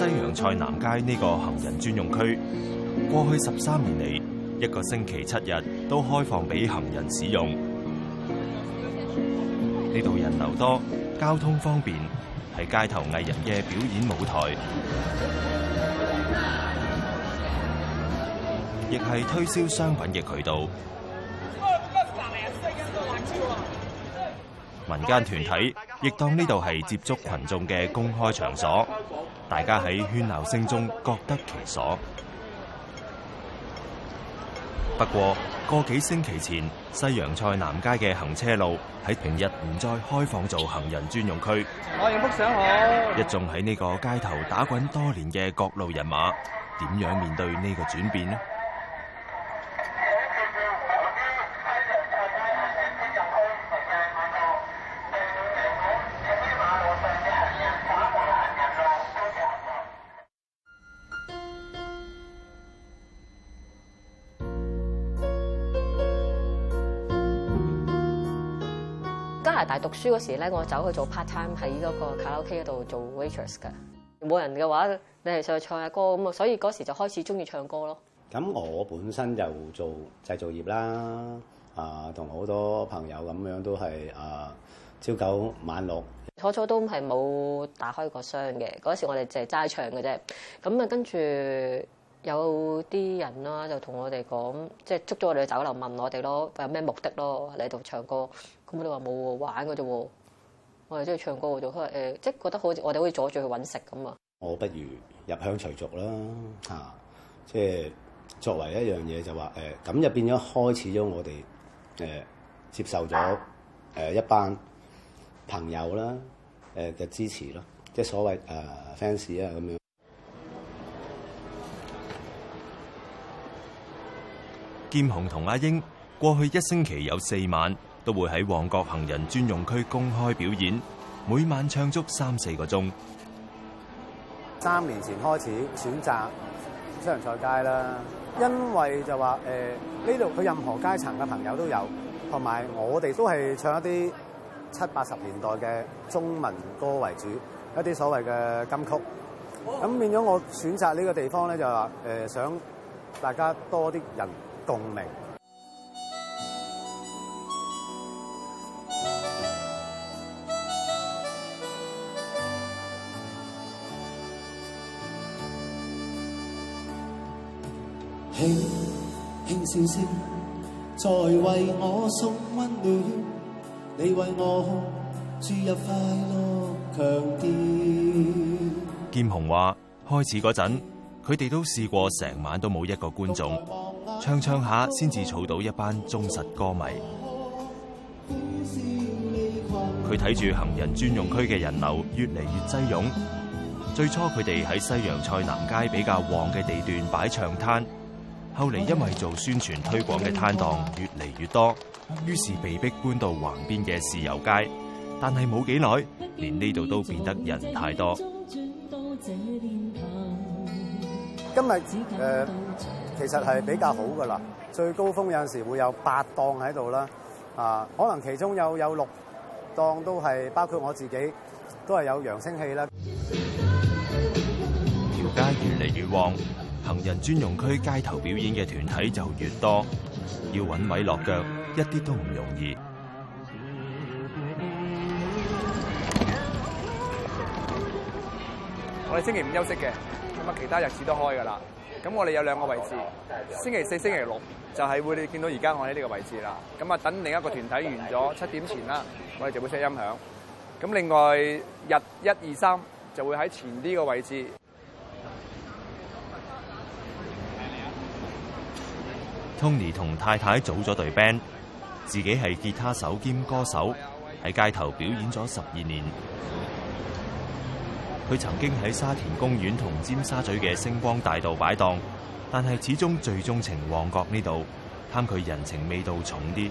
西洋菜南街呢個行人專用區，過去十三年嚟，一個星期七日都開放俾行人使用。呢度人流多，交通方便，係街頭藝人嘅表演舞台，亦係推銷商品嘅渠道。民間團體亦當呢度係接觸群眾嘅公開場所。大家喺喧鬧聲中各得其所。不過，過幾星期前，西洋菜南街嘅行車路喺平日唔再開放做行人專用區。我相好。一眾喺呢個街頭打滾多年嘅各路人馬，點樣面對呢個轉變呢？書嗰時咧，我走去做 part time 喺嗰個卡拉 OK 度做 waitress 噶。冇人嘅話，你係上去唱下歌咁啊。所以嗰時就開始中意唱歌咯。咁我本身就做製造業啦，啊，同好多朋友咁樣都係啊，朝九晚六。初初都係冇打開個箱嘅。嗰時我哋淨係齋唱嘅啫。咁啊，跟住有啲人啦，就同我哋講，即係捉咗我哋去酒樓問我哋咯，有咩目的咯？嚟度唱歌。咁你話冇喎，玩嘅啫喎，我哋中意唱歌嘅啫，可能、呃、即係覺得好似我哋好似阻住去揾食咁啊！我不如入鄉隨俗啦，嚇、啊！即係作為一、呃、樣嘢就話誒，咁就變咗開始咗我哋誒、呃、接受咗誒、呃、一班朋友啦誒嘅、呃、支持咯，即係所謂誒 fans、呃、啊咁樣。劍雄同阿英過去一星期有四晚。都會喺旺角行人專用區公開表演，每晚唱足三四個鐘。三年前開始選擇西洋菜街啦，因為就話誒呢度佢任何階層嘅朋友都有，同埋我哋都係唱一啲七八十年代嘅中文歌為主，一啲所謂嘅金曲。咁變咗我選擇呢個地方咧，就話誒想大家多啲人共鳴。輕輕笑聲再為我我送溫暖。你為我注入快樂。劍雄話：開始嗰陣，佢哋都試過成晚都冇一個觀眾，唱唱下先至嘈到一班忠實歌迷。佢睇住行人專用區嘅人流越嚟越擠擁，最初佢哋喺西洋菜南街比較旺嘅地段擺唱攤。後嚟因為做宣傳推廣嘅攤檔越嚟越多，於是被逼搬到橫邊嘅豉油街，但係冇幾耐，連呢度都變得人太多今天。今日誒，其實係比較好㗎喇，最高峰有陣時會有八檔喺度啦，啊，可能其中有有六檔都係包括我自己，都係有揚聲器啦。條街越嚟越旺。行人專用區街頭表演嘅團體就越多要，要揾位落腳，一啲都唔容易。我哋星期五休息嘅，咁啊其他日子都開噶啦。咁我哋有兩個位置，星期四、星期六就係會你見到而家我喺呢個位置啦。咁啊等另一個團體完咗七點前啦，我哋就會熄音響。咁另外日一二三就會喺前啲嘅位置。Tony 同太太組咗隊 band，自己係吉他手兼歌手，喺街頭表演咗十二年。佢曾經喺沙田公園同尖沙咀嘅星光大道擺檔，但係始終最鍾情旺角呢度，貪佢人情味道重啲。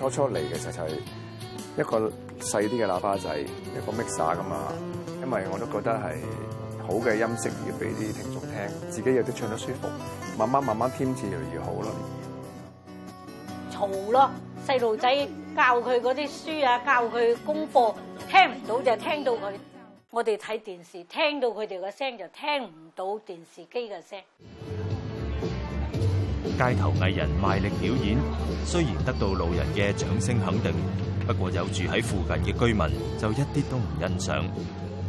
初初嚟嘅就就係一個細啲嘅喇叭仔，一個 mixer 㗎嘛。因為我都覺得係好嘅音色要俾啲聽眾聽，自己有啲唱得舒服，慢慢慢慢添置越嚟越好咯。嘈咯，細路仔教佢嗰啲書啊，教佢功課，聽唔到就聽到佢。我哋睇電視，聽到佢哋嘅聲就聽唔到電視機嘅聲。街頭藝人賣力表演，雖然得到路人嘅掌聲肯定，不過有住喺附近嘅居民就一啲都唔欣賞。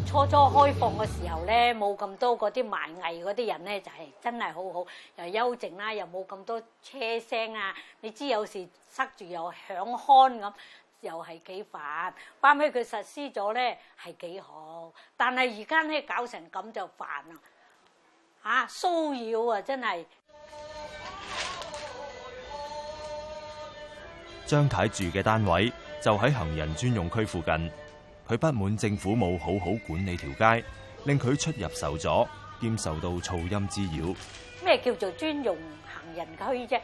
初初開放嘅時候咧，冇咁多嗰啲賣藝嗰啲人咧，就係真係好好又幽靜啦，又冇咁多車聲啊。你知有時塞住又響鼾咁，又係幾煩。後尾佢實施咗咧，係幾好，但係而家咧搞成咁就煩啦。吓，騷擾啊，真係！張太住嘅單位就喺行人專用區附近。佢不滿政府冇好好管理條街，令佢出入受阻，兼受到噪音滋擾。咩叫做專用行人區啫？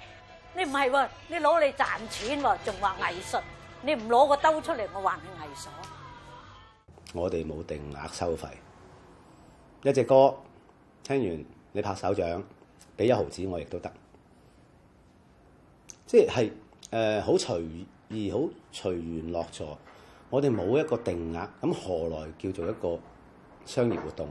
你唔係喎，你攞嚟賺錢啊，仲話藝術？你唔攞個兜出嚟，我話你藝術。我哋冇定額收費，一隻歌聽完你拍手掌，俾一毫子我亦都得，即係。誒、呃、好隨意，好隨緣落座。我哋冇一個定額，咁何來叫做一個商業活動？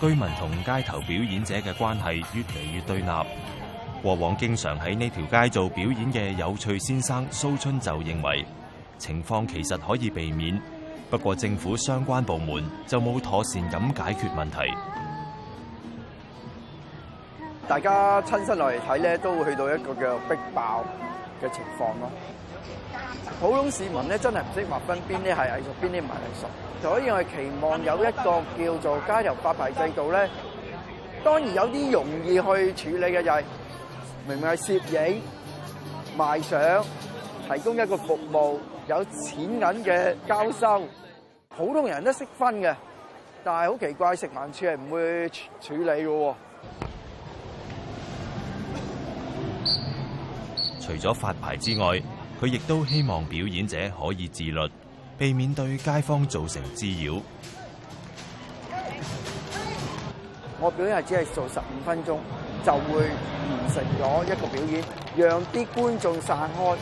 居民同街頭表演者嘅關係越嚟越對立。過往經常喺呢條街做表演嘅有趣先生蘇春就認為，情況其實可以避免，不過政府相關部門就冇妥善咁解決問題。大家親身落嚟睇咧，都會去到一個叫逼爆嘅情況咯。普通市民咧，真係唔識劃分邊啲係藝術，邊啲唔係藝術。所以我期望有一個叫做加油發牌制度咧。當然有啲容易去處理嘅就係、是、明明係攝影賣相，提供一個服務有錢銀嘅交收，普通人都識分嘅。但係好奇怪，食環處係唔會處理嘅喎。除咗發牌之外，佢亦都希望表演者可以自律，避免對街坊造成滋擾。我表演係只係做十五分鐘，就會完成咗一個表演，讓啲觀眾散開，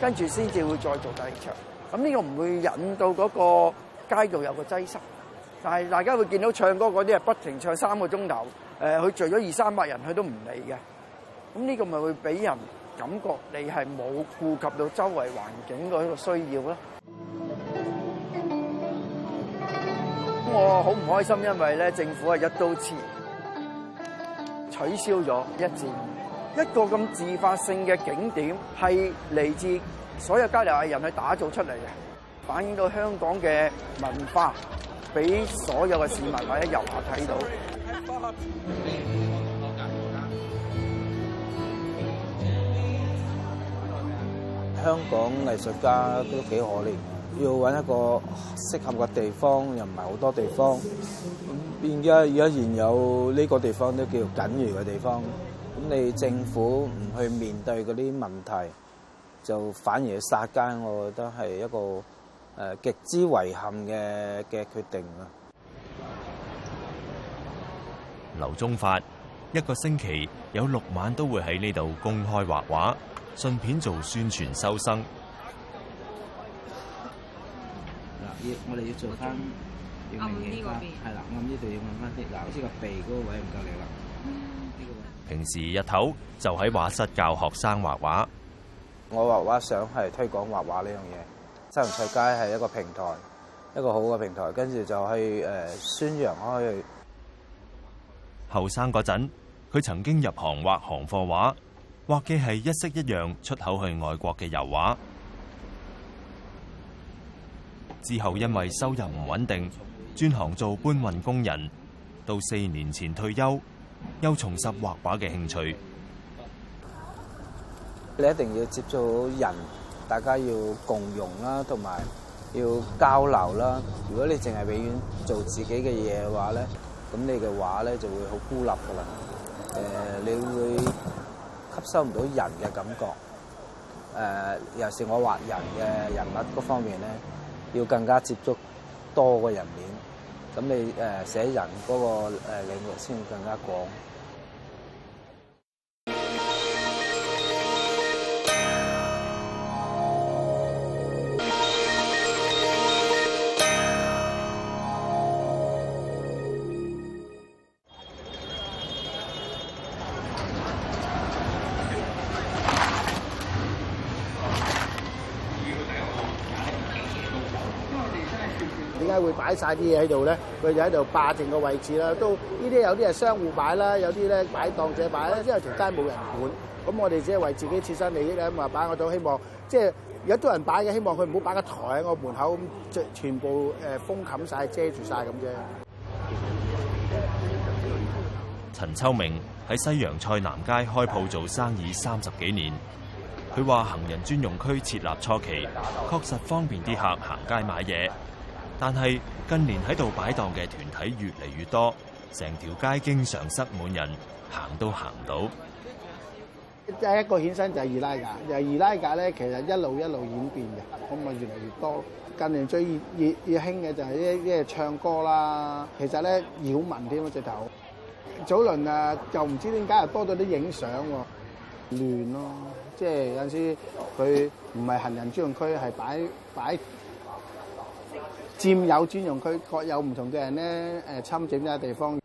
跟住先至會再做第二場。咁呢個唔會引到嗰個街道有個擠塞，但係大家會見到唱歌嗰啲係不停唱三個鐘頭，誒、呃，佢聚咗二三百人，佢都唔理嘅。咁呢個咪會俾人。感覺你係冇顧及到周圍環境嗰一個需要咧，我好唔開心，因為咧政府係一刀切取消咗一戰，一個咁自發性嘅景點係嚟自所有街頭藝人去打造出嚟嘅，反映到香港嘅文化，俾所有嘅市民或者遊客睇到。香港藝術家都幾可憐，要揾一個適合嘅地方，又唔係好多地方。變咗而家現有呢個地方都叫緊要嘅地方。咁你政府唔去面對嗰啲問題，就反而殺街，我覺得係一個誒極之遺憾嘅嘅決定啊！劉宗發一個星期有六晚都會喺呢度公開畫畫。順便做宣傳收生。我哋要做翻暗啲嗰邊，係啦，暗啲就要問翻啲。嗱，好似個鼻嗰個位唔夠力啦。平時日頭就喺畫室教學生畫畫。我畫畫想係推廣畫畫呢樣嘢，西洋菜街係一個平台，一個好嘅平台。跟住就去誒宣揚開去。後生嗰陣，佢曾經入行畫行貨畫。畫嘅係一式一樣出口去外國嘅油畫，之後因為收入唔穩定，專行做搬運工人，到四年前退休，又重拾畫畫嘅興趣。你一定要接觸人，大家要共融啦，同埋要交流啦。如果你淨係永遠做自己嘅嘢嘅話咧，咁你嘅畫咧就會好孤立噶啦。誒，你會？吸收唔到人嘅感覺，誒、呃，尤其是我畫人嘅人物嗰方面咧，要更加接觸多個人面，咁你誒寫人嗰個領域先會更加廣。曬啲嘢喺度咧，佢就喺度霸定個位置啦。都呢啲有啲係商戶擺啦，有啲咧擺檔者擺啦，因為條街冇人管。咁我哋只係為自己切身利益咧，咪擺我都希望即係有多人擺嘅，希望佢唔好擺個台喺我門口，咁全部誒封冚晒遮住晒。咁啫。陳秋明喺西洋菜南街開鋪做生意三十幾年，佢話行人專用區設立初期確實方便啲客行街買嘢，但係，近年喺度擺檔嘅團體越嚟越多，成條街經常塞滿人，行都行唔到。第一個衍生就係二奶架，由二奶架咧，其實一路一路演變嘅，咁啊越嚟越多。近年最熱熱興嘅就係一一係唱歌啦，其實咧擾民添，直頭。早輪啊，又唔知點解又多咗啲影相，亂咯。即係有陣時佢唔係行人專用區，係擺擺。佔有專用區，各有唔同嘅人呢。誒侵佔啲地方。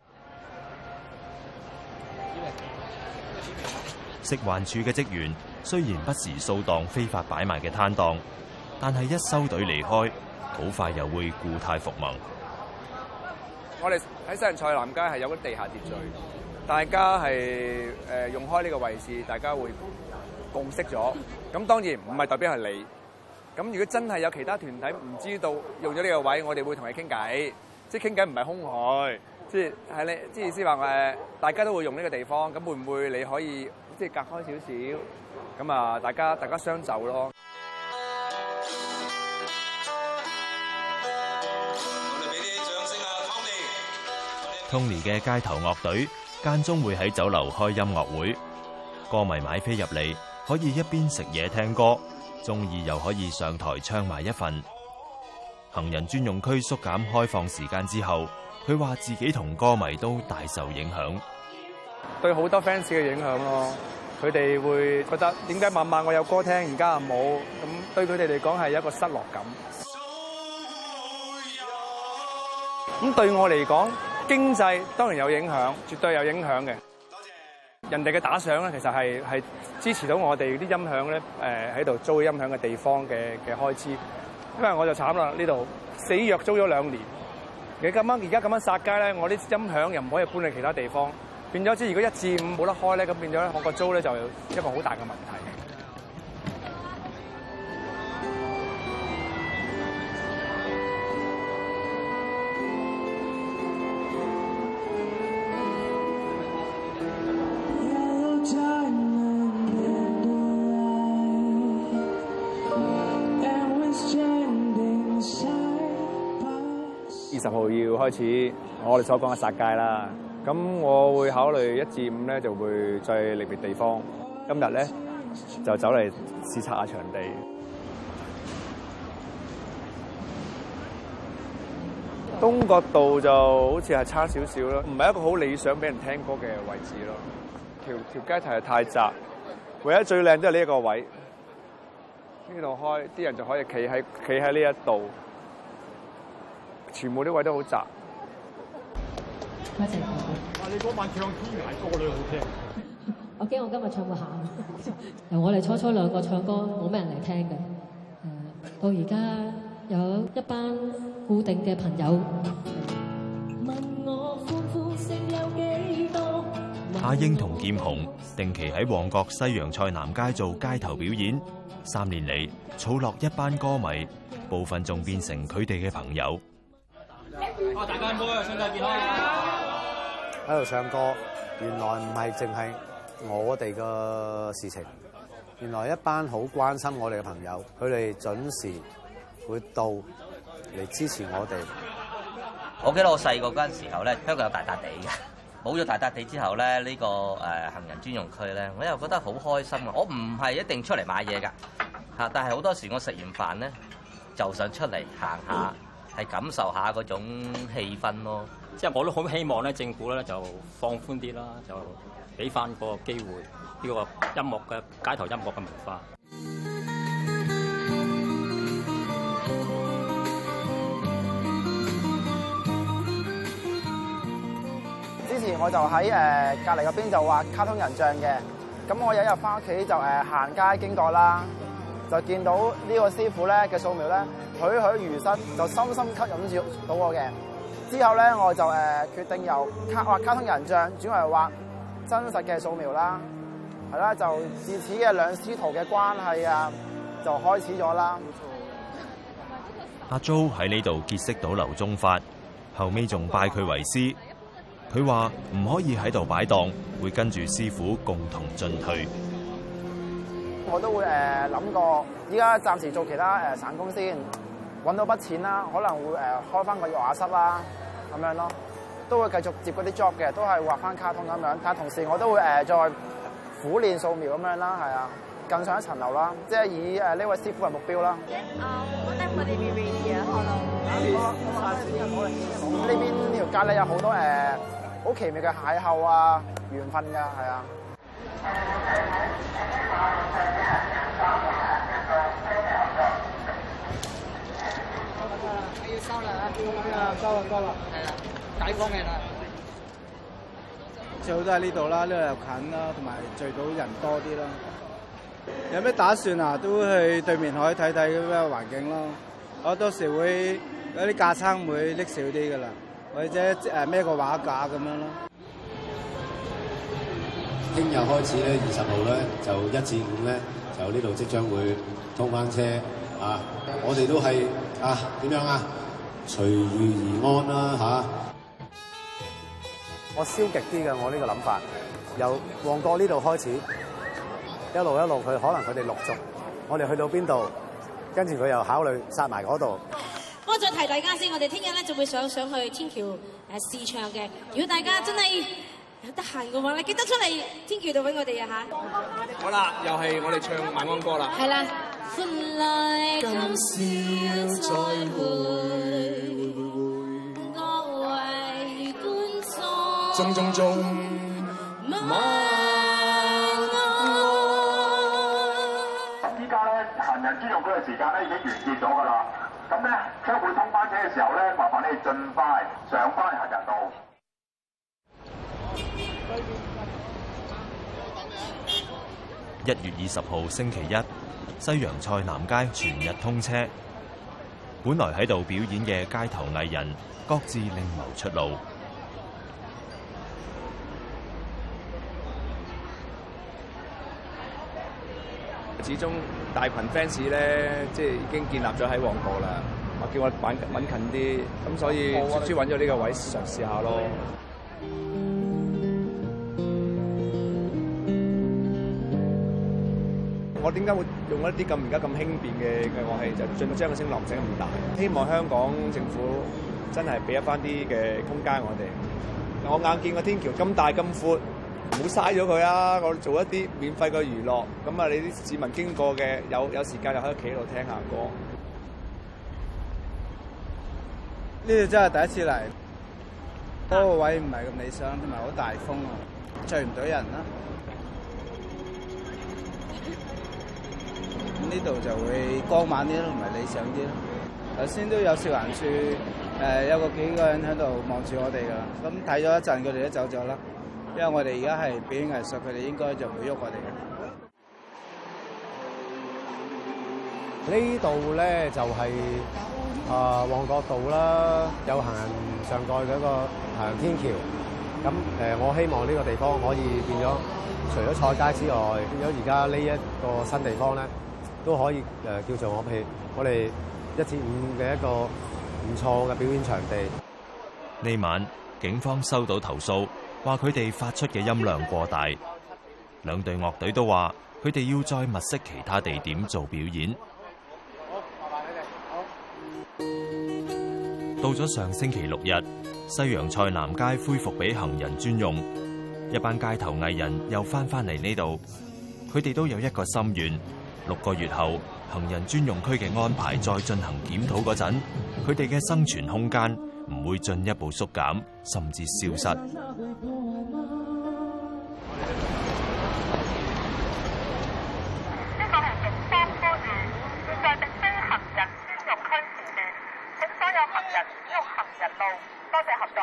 食環署嘅職員雖然不時掃蕩非法擺賣嘅攤檔，但係一收隊離開，好快又會故態復萌。我哋喺西洋菜南街係有個地下秩序，大家係誒用開呢個位置，大家會共識咗。咁當然唔係代表係你。咁如果真係有其他團體唔知道用咗呢個位，我哋會同你傾偈，即係傾偈唔係空虛，即係係咧，即係意思話誒，大家都會用呢個地方，咁會唔會你可以即係隔開少少，咁啊，大家大家相就咯。Tony 嘅街頭樂隊間中會喺酒樓開音樂會，歌迷買飛入嚟可以一邊食嘢聽歌。中意又可以上台唱埋一份。行人專用區縮減開放時間之後，佢話自己同歌迷都大受影響。對好多 fans 嘅影響咯，佢哋會覺得點解晚晚我有歌聽，而家又冇，咁對佢哋嚟講係一個失落感。咁對我嚟講，經濟當然有影響，絕對有影響嘅。人哋嘅打賞咧，其實係係支持到我哋啲音響咧，誒喺度租音響嘅地方嘅嘅開支。因為我就慘啦，呢度死約租咗兩年。你咁樣而家咁樣殺街咧，我啲音響又唔可以搬去其他地方，變咗即如果一至五冇得開咧，咁變咗咧我個租咧就一個好大嘅問題。十號要開始，我哋所講嘅殺街啦。咁我會考慮一至五咧，就會再另覓地方。今日咧就走嚟視察一下場地。東角道就好似係差少少咯，唔係一個好理想俾人聽歌嘅位置咯。條街頭係太窄，唯一最靚都係呢一個位，呢度開，啲人就可以企喺企喺呢一度。全部啲位都好窄。唔該曬。嗱，你嗰晚唱天涯歌女好聽。我驚，我今日唱過喊。 由我哋初初兩個唱歌，冇咩人嚟聽嘅。到而家有一班固定嘅朋友。問我歡呼聲有幾多。阿英同劍雄定期喺旺角西洋菜南街做街頭表演，三年嚟儲落一班歌迷，部分仲變成佢哋嘅朋友。大家好，身體健康。喺度唱歌，原來唔係淨係我哋嘅事情。原來一班好關心我哋嘅朋友，佢哋準時會到嚟支持我哋。我記得我細個嗰陣時候咧，香港有大笪地嘅。冇咗大笪地之後咧，呢個誒行人專用區咧，我又覺得好開心啊！我唔係一定出嚟買嘢㗎嚇，但係好多時我食完飯咧，就想出嚟行下。係感受下嗰種氣氛咯，即係我都好希望咧，政府咧就放寬啲啦，就俾翻個機會呢、這個音樂嘅街頭音樂嘅文化。之前我就喺誒隔離嗰邊就畫卡通人像嘅，咁我有一日翻屋企就誒、呃、行街經過啦，就見到呢個師傅咧嘅素描咧。栩栩如生，就深深吸引住到我嘅。之後咧，我就、呃、決定由卡畫卡通人像轉為畫真實嘅素描啦。係啦，就自此嘅兩師徒嘅關係啊，就開始咗啦。阿鍾喺呢度結識到劉中發，後尾仲拜佢為師。佢話唔可以喺度擺檔，會跟住師傅共同進退。我都會誒諗過，依家暫時做其他誒散工先，揾到筆錢啦，可能會誒開翻個畫室啦，咁樣咯，都會繼續接嗰啲 job 嘅，都係畫翻卡通咁樣。但同時我都會誒再苦練素描咁樣啦，係啊，更上一層樓啦，即係以誒呢位師傅為目標啦。啊，我得我啲 DVD 啊，可能。呢邊條街咧有好多誒，好奇妙嘅邂逅啊，緣分噶，係啊。最好都喺呢度啦，呢度又近啦，同埋聚到人多啲啦。有咩打算啊？都去對面海睇睇咁環境咯。我到時會有啲架撐會拎少啲噶啦，或者孭個畫架咁樣咯。聽日開始咧，二十號咧就一至五咧就呢度即將會通翻車啊！我哋都係啊，點樣啊？隨遇而安啦、啊、嚇、啊！我消極啲嘅，我呢個諗法由旺角呢度開始，一路一路去，可能佢哋陸續，我哋去到邊度，跟住佢又考慮殺埋嗰度。我再提大家先，我哋聽日咧就會想上，上去天橋誒試唱嘅。如果大家真係，有得閒嘅話，你記得出嚟天橋度揾我哋啊嚇！好啦，又係我哋唱晚安歌啦。係啦，歡樂今宵再會，各位觀眾，鐘鍾鐘。咁依家咧行人專用區嘅時間咧已經完結咗㗎啦。咁咧車會通班車嘅時候咧，麻煩你哋盡快上翻行人道。一月二十號星期一，西洋菜南街全日通車。本來喺度表演嘅街頭藝人，各自另謀出路。始終大群 fans 咧，即係已經建立咗喺旺角啦。我叫我揾揾近啲，咁所以先揾咗呢個位嘗試下咯。我點解會用一啲咁而家咁輕便嘅樂器，就盡將個聲浪整咁大？希望香港政府真係俾一翻啲嘅空間我哋。我硬見個天橋咁大咁闊，唔好嘥咗佢啊！我做一啲免費嘅娛樂，咁啊，你啲市民經過嘅有有時間就喺屋企度聽下歌。呢度真係第一次嚟，嗰個位唔係咁理想，同埋好大風，聚唔到人啦。呢度就會光猛啲咯，唔係理想啲咯。頭先都有少人住，誒有個幾個人喺度望住我哋㗎。咁睇咗一陣，佢哋都走咗啦。因為我哋而家係表演藝術，佢哋應該就唔會喐我哋嘅。這裏呢度咧就係、是、啊、呃、旺角道啦，有行人上蓋嘅一個行天橋。咁誒、呃，我希望呢個地方可以變咗，除咗菜街之外，變咗而家呢一個新地方咧。都可以誒，叫做我哋我哋一至五嘅一個唔錯嘅表演場地。呢晚警方收到投訴，話佢哋發出嘅音量過大。兩隊樂隊都話佢哋要再物色其他地點做表演。好，麻煩你哋。好，到咗上星期六日，西洋菜南街恢復俾行人專用，一班街頭藝人又翻返嚟呢度。佢哋都有一個心願。六個月後，行人專用區嘅安排再進行檢討嗰陣，佢哋嘅生存空間唔會進一步縮減，甚至消失。這是現在是行人專用區，請所有行人用行人道，多謝合作。